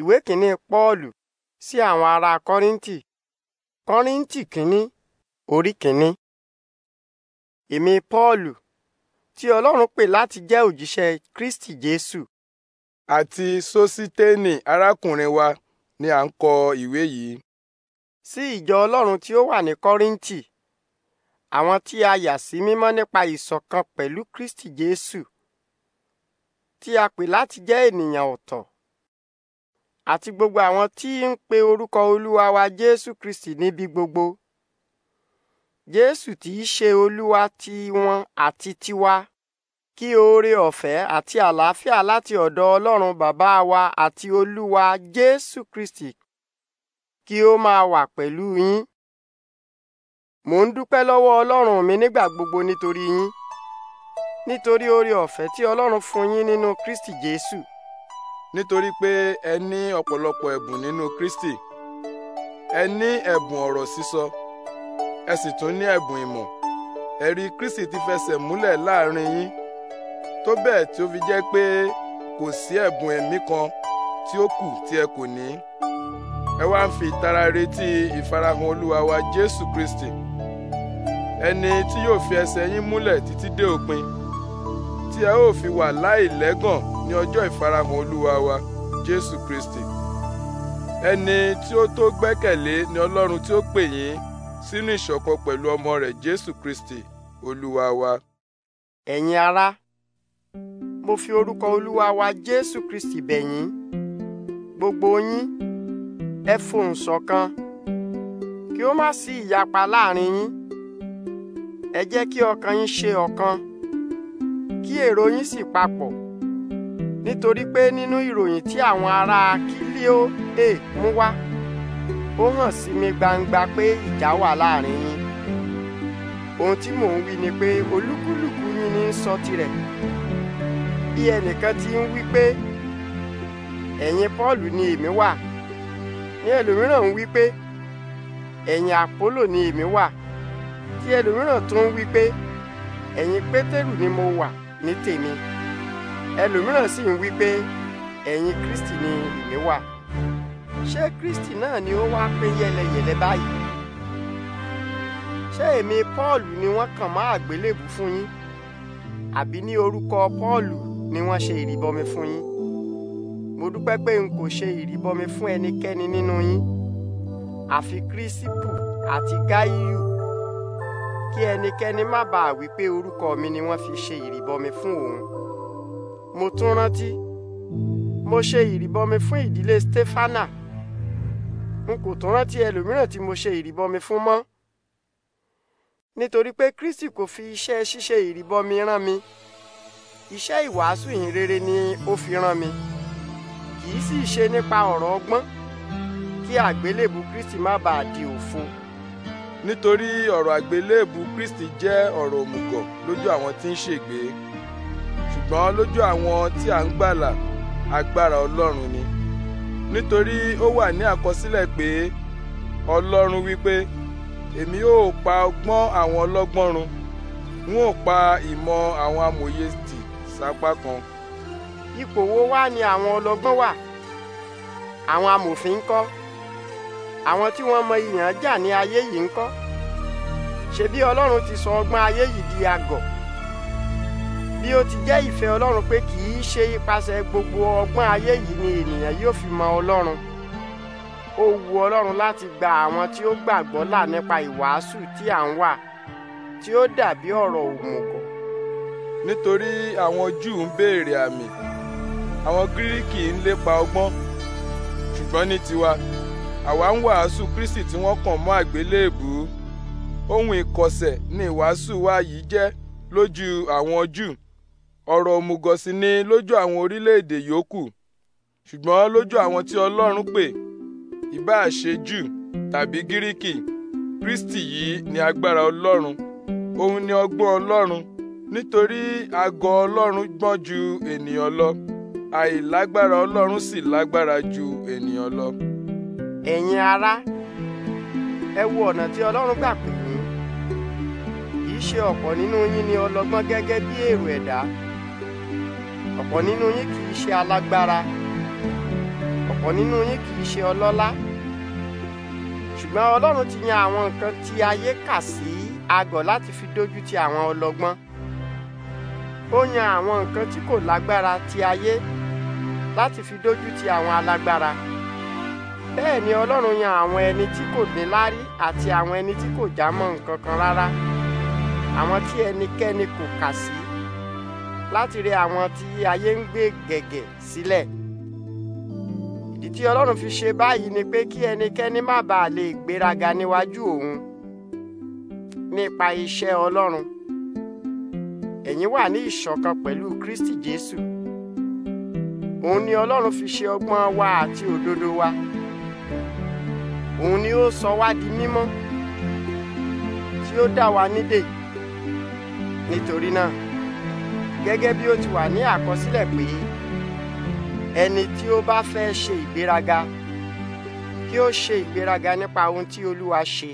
ìwé kìíní pọ́ọ̀lù sí àwọn ará kọ́ríntì kọ́ríntì kìíní orí kìíní. èmi pọ́ọ̀lù tí ọlọ́run pè láti jẹ́ òjíṣẹ́ kristi jésù. àti sositeni arákùnrin wa ni à ń kọ ìwé yìí. sí ìjọ ọlọ́run tí ó wà ní kọ́ríntì àwọn tí a yà sí mímọ́ nípa ìṣọ̀kan pẹ̀lú kristi jésù tí a pè láti jẹ́ ènìyàn ọ̀tọ̀ àti gbogbo àwọn tí ń pe orúkọ olúwa wa Jésù Kristi níbi gbogbo Jésù tí í ṣe olúwa tiwọn àti tiwa kí oore ọ̀fẹ́ àti àlàáfíà láti ọ̀dọ̀ Ọlọ́run bàbá wa àti olúwa Jésù Kristi kí ó máa wà pẹ̀lú yín mò ń dúpẹ́ lọ́wọ́ Ọlọ́run mi nígbà gbogbo nítorí yín nítorí oore ọ̀fẹ́ tí Ọlọ́run fún yín nínú Kristi Jésù nítorí pé ẹ ní ọ̀pọ̀lọpọ̀ ẹ̀bùn nínú Kristi ẹ ní ẹ̀bùn ọ̀rọ̀ sísọ ẹ sì tún ní ẹ̀bùn ìmọ̀ ẹ̀rí Kristi ti fẹsẹ̀ múlẹ̀ láàrin yín tó bẹ́ẹ̀ tí ó fi jẹ́ pé kò sí ẹ̀bùn ẹ̀mí kan tí ó kù tí ẹ kò ní ẹ wá ń fi ìtara retí ìfarahàn Olúwa wa Jésù Kristi ẹni tí yóò fi ẹsẹ̀ yín múlẹ̀ títí dé òpin tí ẹ ó fi wà láìlẹ́gàn ní ọjọ́ ìfarahàn olúwa wa jésù kristi ẹni tí ó tó gbẹ́kẹ̀lé ni ọlọ́run tí ó pè yín sínú ìṣọ̀kan pẹ̀lú ọmọ rẹ̀ jésù kristi olúwa wa. ẹ̀yin ará mo fi orúkọ olúwa wa jésù kristi bẹ̀ yín gbogbo yín ẹ fohùn ṣọ̀kan kí ó má sí ìyapa láàrin yín ẹ jẹ́ kí ọkàn yín ṣe ọ̀kan kí èrò yín sì papọ̀ nítorí pé nínú ìròyìn tí àwọn ará kílíò è mú wá ó hàn sí mi gbangba pé ìjà wà láàrin yín ohun tí mò ń wí ni pé olúkúlùkù yín ní sọ tirẹ̀ bí ẹnìkan ti ń wí pé ẹ̀yìn Pọ́ọ̀lù ni èmi wà ní ẹlòmíràn ń wí pé ẹ̀yìn Àpólò ni èmi wà tí ẹlòmíràn tún ń wí pé ẹ̀yìn Pétérù ni mo wà ní tèmi ẹlòmíràn sì ń wí pé ẹ̀yìn Kristi ni èmi wà ṣé Kristi náà ni ó wá pé yẹlẹyẹlẹ báyìí ṣé èmi Pọ́ọ̀lù ni wọ́n kàn mọ́ àgbélébù fún yín àbí ní orúkọ Pọ́ọ̀lù ni wọ́n ṣe ìrìbọmi fún yín mo dúpẹ́ pé n kò ṣe ìrìbọmi fún ẹnikẹ́ni nínú yín àfi Kírísípù àti Gáíyù kí ẹnikẹ́ni má bàa wí pé orúkọ mi ni wọ́n fi ṣe ìrìbọmi fún òun mo tún rántí mo ṣe ìrìbọmi fún ìdílé stefana n kò tún rántí ẹlòmíràn tí mo ṣe ìrìbọmi fún mọ́ nítorí pé kristi kò fi iṣẹ́ ṣíṣe ìrìbọmi rán mi iṣẹ́ ìwàásù ìhìnrere ni ó fi rán mi kì sì ṣe nípa ọ̀rọ̀ ọgbọ́n kí àgbélébù kristi má bàa di òfo. nítorí ọ̀rọ̀ àgbélébù kristi jẹ́ ọ̀rọ̀ òmùgọ̀ lójú àwọn tí ń ṣègbé ṣùgbọ́n lójú àwọn tí à ń gbàlà agbára Ọlọ́run ni nítorí ó wà ní àkọsílẹ̀ pé Ọlọ́run wípé èmi ó pa ọgbọ́n àwọn ọlọ́gbọ́n run n ó pa ìmọ̀ àwọn amòye tì sápá kan. ipò wo wá ni àwọn ọlọ́gbọ́n wà àwọn amòfin ń kọ́ àwọn tí wọ́n mọ ìyàn ní ayé yìí ń kọ́ ṣebí Ọlọ́run ti sọ ọgbọ́n ayé yìí di agọ̀ bí ó ti jẹ́ ìfẹ́ Ọlọ́run pé kì í ṣe ipasẹ̀ gbogbo ọgbọ́n ayé yìí ni ènìyàn yóò fi mọ Ọlọ́run ó wu Ọlọ́run láti gba àwọn tí ó gbàgbọ́ là nípa ìwàásù tí à ń wà tí ó dàbí ọ̀rọ̀ òmùgọ̀. nítorí àwọn Júù ń béèrè àmì àwọn Gíríkì ń lépa ọgbọ́n ṣùgbọ́n ní tiwa àwa ń wàásù Kristi tí wọ́n kàn mọ́ àgbélébù ohun ìkọ̀sẹ̀ ni ìwàásù wa yìí jẹ́ lójú àwọn Júù ọ̀rọ̀ òmùgọ̀ sì ni lójú àwọn orílẹ̀-èdè yòókù ṣùgbọ́n lójú àwọn tí Ọlọ́run pè ìbáà ṣe Jù tàbí Gíríkì Kristi yìí ni agbára Ọlọ́run òun ni ọgbọ́n Ọlọ́run nítorí àgọ́ Ọlọ́run gbọ́n ju ènìyàn lọ àìlágbára Ọlọ́run sì lágbára ju ènìyàn lọ. ẹ̀yin ará ẹ wo ọ̀nà tí Ọlọ́run gbà pè yín kì í ṣe ọ̀pọ̀ nínú yín ni ọlọ́gbọ́n gẹ́gẹ́ bí èrò ẹ̀dá ọ̀pọ̀ nínú yín kì í ṣe alágbára ọ̀pọ̀ nínú yín kì í ṣe ọlọ́lá ṣùgbọ́n ọlọ́run ti yan àwọn nǹkan tí ayé kà sí agọ̀ láti fi dójú ti àwọn ọlọ́gbọ́n ó yan àwọn nǹkan tí kò lágbára ti ayé láti fi dójú ti àwọn alágbára bẹ́ẹ̀ ni ọlọ́run yan àwọn ẹni tí kò níláárí àti àwọn ẹni tí kò já mọ́ nǹkan kan rárá àwọn tí ẹnikẹ́ni kò kà sí láti rẹ àwọn tí ayé ń gbé gẹ̀gẹ̀ sílẹ̀. ìdí tí ọlọ́run fi ṣe báyìí ni pé kí ẹnikẹ́ni má bàa lè gbéraga níwájú òun nípa iṣẹ́ ọlọ́run ẹ̀yin wà ní ìṣọ̀kan pẹ̀lú Kristi Jésù òun ni ọlọ́run fi ṣe ọgbọ́n wa àti òdodo wa òun ni ó sọ wá di mímọ́ tí ó dá wa nídè nítorí náà gẹ́gẹ́ bí ó ti wà ní àkọsílẹ̀ pé ẹni tí ó bá fẹ́ ṣe ìgbéraga kí ó ṣe ìgbéraga nípa ohun tí Olúwa ṣe.